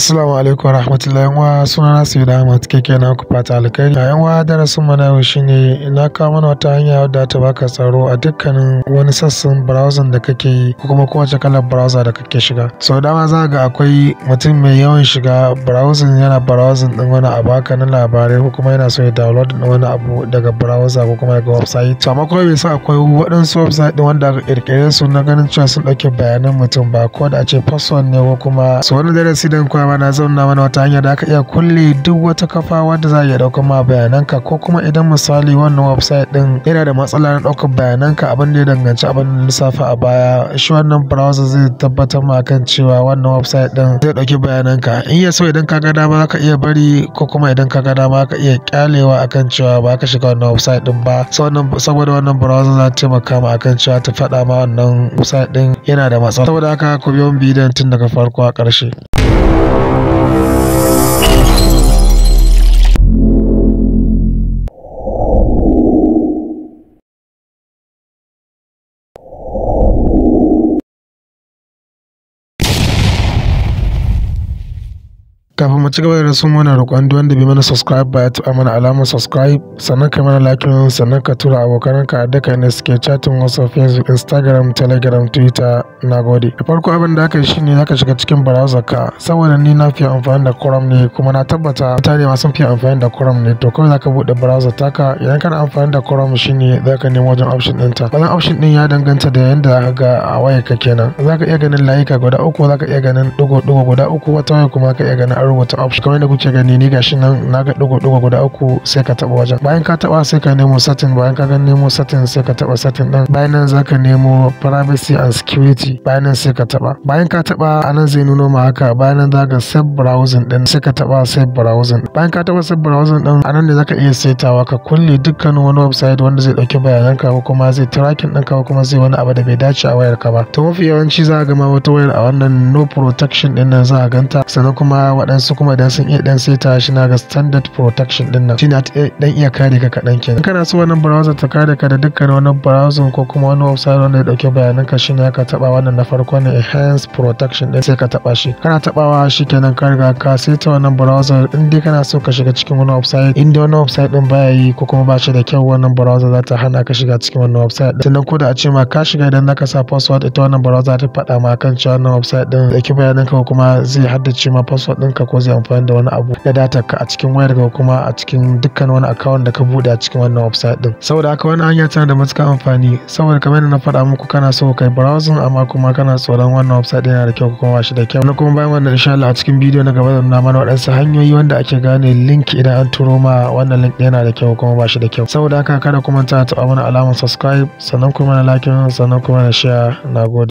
Assalamu alaikum wa rahmatullahi wa sunana Sayyid Ahmad keke na ku fata alkhairi. A yan darasin mu na yau shine na kawo mana wata hanya wadda ta baka tsaro a dukkanin wani sassan browser da kake yi ko kuma kowace kalar browser da kake shiga. so dama za ga akwai mutum mai yawan shiga browser yana browser din wani abu haka na labarai ko kuma yana so ya download din wani abu daga browser ko kuma daga website. To amma kuma bai sa akwai waɗansu website din wanda aka kirkire su na ganin cewa sun ɗauke bayanan mutum ba ko da a ce password ne ko kuma. So wani darasi din na zauna mana wata hanya da aka iya kulle duk wata kafa wanda za a iya ɗaukar ma bayananka ko kuma idan misali wannan website ɗin yana da matsala na ɗaukar bayananka abin da ya danganci abin da lissafi a baya shi wannan browser zai tabbatar ma kan cewa wannan website ɗin zai ɗauki bayananka in ya so idan ka ga dama ka iya bari ko kuma idan ka ga dama ka iya kyalewa akan cewa ba ka shiga wannan website ɗin ba saboda wannan browser za ta taimaka ma akan cewa ta faɗa ma wannan website ɗin yana da matsala saboda haka ku biyo bidiyon tun daga farko a ƙarshe. Kafin mu ci gaba da rasu, muna roƙon duk wanda bai mana subscribe ba ya taɓa mana alamar subscribe sannan ka mana like sannan ka tura abokananka a duka ne suke chatin wasu Facebook Instagram Telegram Twitter na gode. Da farko abin da aka yi shine zaka shiga cikin browser ka saboda ni na fi amfani da Chrome ne kuma na tabbata mutane ma sun fi amfani da Chrome ne to kawai zaka buɗe browser taka idan kana amfani da Chrome shine zaka nemi wajen option ɗinta. Wannan option ɗin ya danganta da yanda zaka ga a ka kenan. Zaka iya ganin layuka guda uku zaka iya ganin ɗigo-ɗigo guda uku wata waya kuma zaka iya ganin rubuta option kamar da kuke gani ni gashi nan na ga ɗigo-ɗigo guda uku sai ka taba wajen bayan ka taɓa sai ka nemo setting bayan ka gan nemo setting sai ka taɓa setting ɗin bayan nan za ka nemo privacy and security bayan nan sai ka taɓa bayan ka taɓa anan zai nuno ma haka bayan nan za ka save browsing ɗin sai ka taɓa save browsing bayan ka taɓa save browsing ɗin a nan ne za ka iya saitawa ka kulle dukkanin wani website wanda zai bayanan ka ko kuma zai tracking ka ko kuma zai wani abu da bai dace a wayar ka ba to mafi yawanci za ga ma wata wayar a wannan no protection din nan za a ganta sannan kuma waɗansu su kuma idan sun iya dan seta shi na ga standard protection din nan shine dan iya kare ka kaɗan kenan kana so wannan browser ta kare ka da dukkan wannan browser ko kuma wani website wanda ya ɗauki bayanan ka shine ka taɓa wannan na farko ne enhance protection din sai ka taɓa shi kana tabawa shi kenan ka riga ka seta wannan browser din dai kana so ka shiga cikin wani website inda wannan website din baya yi ko kuma ba shi da kyau wannan browser za ta hana ka shiga cikin wannan website din sannan ko da a ce ma ka shiga idan naka sa password ita wannan browser ta fada ma kan cewa wannan website din ɗauki bayanan ka kuma zai haddace ma password ka ko zai amfani da wani abu da data ka a cikin wayar ka kuma a cikin dukkan wani account da ka bude a cikin wannan website din saboda haka wannan hanya tana da matuƙar amfani saboda kamar na faɗa muku kana so kai browsing amma kuma kana tsoron wannan website yana da kyau kuma shi da kyau na kuma bayan wannan insha Allah a cikin bidiyo na gaba na mana waɗansu hanyoyi wanda ake gane link idan an turo ma wannan link yana da kyau kuma ba shi da kyau saboda haka kada kuma ta taɓa mana alamar subscribe sannan kuma na like sannan kuma na share nagode